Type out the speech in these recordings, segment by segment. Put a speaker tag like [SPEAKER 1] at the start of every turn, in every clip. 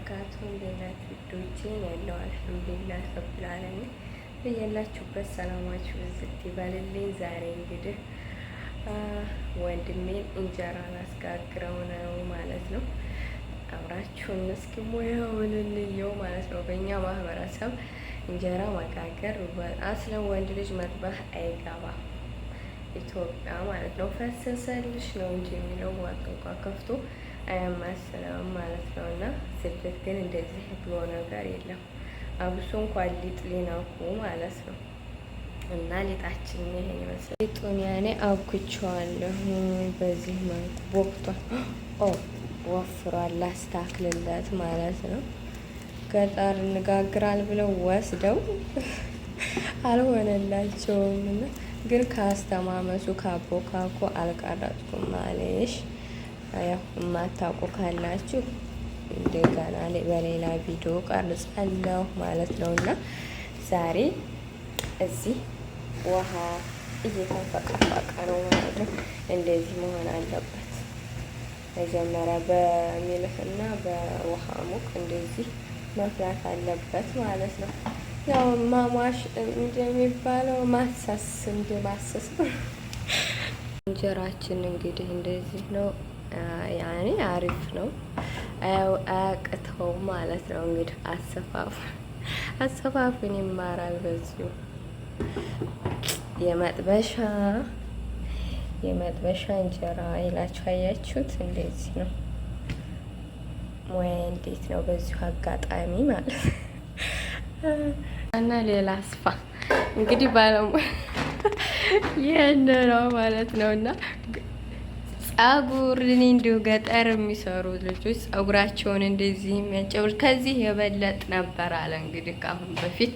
[SPEAKER 1] ወበረካቱ እንዴናችሁ ውዶቼ? ያለው አልሐምዱሊላህ ረብል ዓለሚን በያላችሁበት ሰላማችሁ ብዝት ይበልልኝ። ዛሬ እንግዲህ ወንድሜን እንጀራ ላስጋግረው ነው ማለት ነው። አብራችሁን እስኪ ሙያውን እንየው ማለት ነው። በእኛ ማህበረሰብ እንጀራ መጋገር አስለ ወንድ ልጅ መጥባህ አይገባም ኢትዮጵያ ማለት ነው። ፈሰሰልሽ ነው እንጂ የሚለው ዋቅ ከፍቶ አያማስለውም ማለት ነው። እና ስደት ግን እንደዚህ ብሎ ነገር የለም። አብሶ እንኳን ሊጥ ሊነኩ ማለት ነው። እና ሊጣችን ይሄን ይመስላል። ሊጡን ያኔ አብኩቸዋለሁ በዚህ መልኩ ቦክቷል። ኦ ወፍሯል። ላስታክልለት ማለት ነው። ገጠር እንጋግራል ብለው ወስደው አልሆነላቸውም። እና ግን ካስተማመሱ ካቦካኮ አልቀረጥኩም ማለሽ ያው የማታውቁ ካላችሁ እንደገና በሌላ ቪዲዮ ቀርጻለሁ ማለት ነው። እና ዛሬ እዚህ ውሃ እየተንፈቀፈቀ ነው ማለት ነው። እንደዚህ መሆን አለበት። መጀመሪያ በሚልህና በውሃ ሙቅ እንደዚህ መፍላት አለበት ማለት ነው። ያው ማሟሽ እንደሚባለው ማሰስ እንደ ማሰስ ነው። እንጀራችን እንግዲህ እንደዚህ ነው። ያኔ አሪፍ ነው፣ አያቅተው ማለት ነው። እንግዲህ አሰፋፉ አሰፋፉን ይማራል። በዚሁ የመጥበሻ የመጥበሻ እንጀራ ይላችሁ አያችሁት? እንደዚህ ነው ሙያ እንዴት ነው? በዚሁ አጋጣሚ ማለት እና ሌላ አስፋ እንግዲህ ባለሙያ ይህን ነው ማለት ነው እና ጸጉር እኔ እንዲሁ ገጠር የሚሰሩ ልጆች ጸጉራቸውን እንደዚህ የሚያጨውል ከዚህ የበለጥ ነበር አለ እንግዲህ ከአሁን በፊት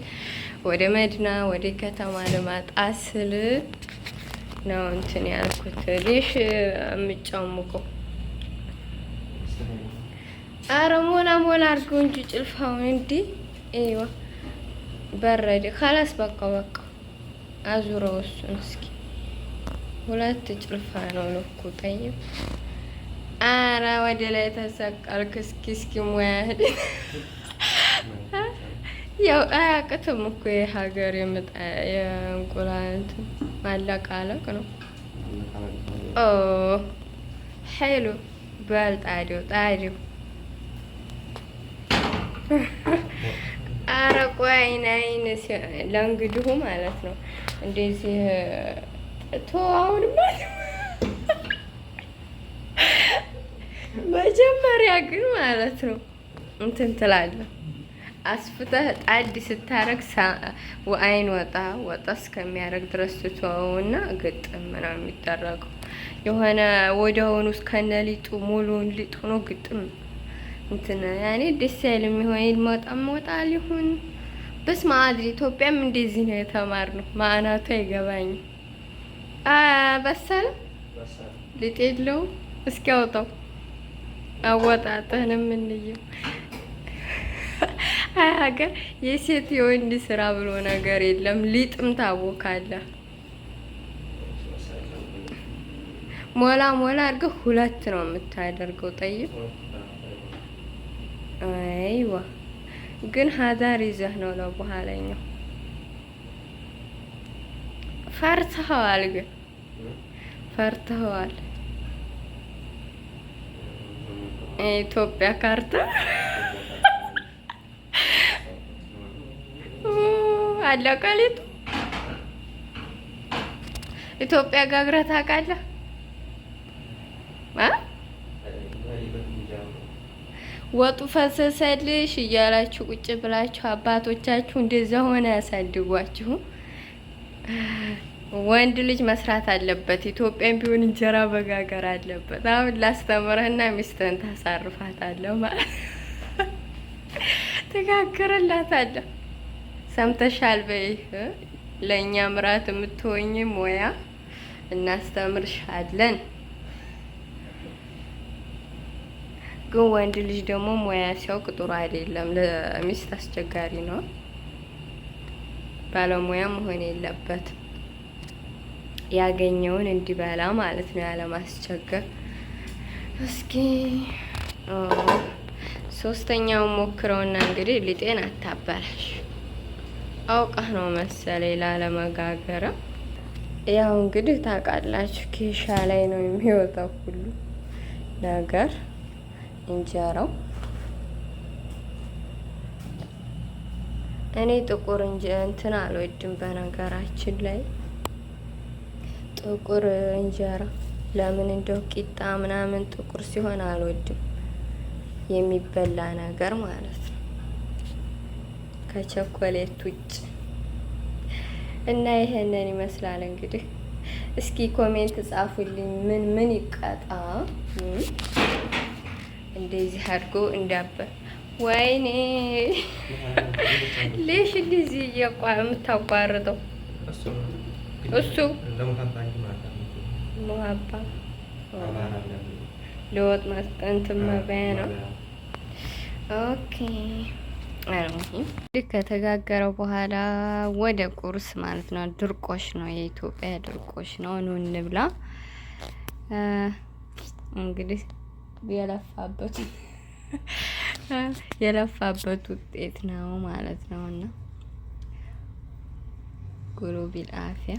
[SPEAKER 1] ወደ መድና ወደ ከተማ ልማጣ ስል ነው እንትን ያልኩት። ሌሽ የምጫሙቆ አረ ሞላ ሞላ አድርገው እንጂ ጭልፋውን እንዲህ ይዋ በረደ። ካላስ በቃ በቃ አዙረው እሱን እስኪ ሁለት ጭልፋ ነው ልኩ ጠይም። ኧረ ወደ ላይ ተሰቃል ክስኪስኪ ሙያድ ያው አያቅትም እኮ የሀገር የእንቁላንት ማለቃለቅ ነው። ኦ ሄሎ በል ጣዲው ጣዲው። ኧረ ቆይ አይን አይን ለእንግዲሁ ማለት ነው እንደዚህ ቶ አሁን መጀመሪያ ግን ማለት ነው እንትን ትላለህ አስፍተህ ጣድ ስታረግ አይን ወጣ ወጣ እስከሚያደርግ ድረስ ትተወውና ግጥም ነው የሚደረገው። የሆነ ወዲያውኑ እስከነ ሊጡ ግጥም እንትን ያኔ ደስ ያል የሚሆን ሊሆን በስመ አብ። ኢትዮጵያም እንደዚህ ነው ማዕናቱ አይገባኝም። በሰለ ሊጥ የለውም። እስኪ አውጣው አወጣጥህንም እንየው። አይ ሀገር የሴት የወንድ ስራ ብሎ ነገር የለም። ሊጥም ታቦካለህ። ሞላ ሞላ አድርገህ ሁለት ነው የምታደርገው። ጠይቅ አይዋ ግን ሀዛር ይዘህ ነው ለበኋላኛው ፈርተኸዋል፣ ግን ፈርተኸዋል። የኢትዮጵያ ካርታ አለቀሊቱ ኢትዮጵያ ጋግረ ታውቃለህ? ወጡ ፈሰሰልሽ እያላችሁ ቁጭ ብላችሁ አባቶቻችሁ እንደዛ ሆነ ያሳድጓችሁ። ወንድ ልጅ መስራት አለበት። ኢትዮጵያን ቢሆን እንጀራ በጋገር አለበት። አሁን ላስተምርህና ሚስትህን ታሳርፋታለሁ ማለት ትጋግርላታለህ። ሰምተሻል? በይ ለእኛ ምራት የምትሆኝ ሙያ እናስተምርሻለን። ግን ወንድ ልጅ ደግሞ ሙያ ሲያውቅ ጥሩ አይደለም፣ ለሚስት አስቸጋሪ ነው። ባለሙያ መሆን የለበትም። ያገኘውን እንዲበላ ማለት ነው፣ ያለማስቸገር። እስኪ ሶስተኛውን ሞክረውና እንግዲህ ሊጤን አታበላሽ። አውቃህ ነው መሰለኝ ላለመጋገረ። ያው እንግዲህ ታውቃላችሁ፣ ኬሻ ላይ ነው የሚወጣው ሁሉ ነገር እንጀራው እኔ ጥቁር እንጂ እንትን አልወድም። በነገራችን ላይ ጥቁር እንጀራ ለምን እንደው ቂጣ ምናምን ጥቁር ሲሆን አልወድም፣ የሚበላ ነገር ማለት ነው ከቸኮሌት ውጭ እና ይሄንን ይመስላል እንግዲህ። እስኪ ኮሜንት ጻፉልኝ፣ ምን ምን ይቀጣ እንደዚህ አድርጎ እንዳበ ወይኔ ሌሽ ጊዜ የምታቋርጠው እሱ ሙሀባ ለወጥ ማስጠንት መባያ ነው። ኦኬ ልክ ከተጋገረው በኋላ ወደ ቁርስ ማለት ነው። ድርቆሽ ነው፣ የኢትዮጵያ ድርቆሽ ነው። ኑ እንብላ እንግዲህ የለፋበት የለፋበት ውጤት ነው ማለት ነው እና ቢል አፍያ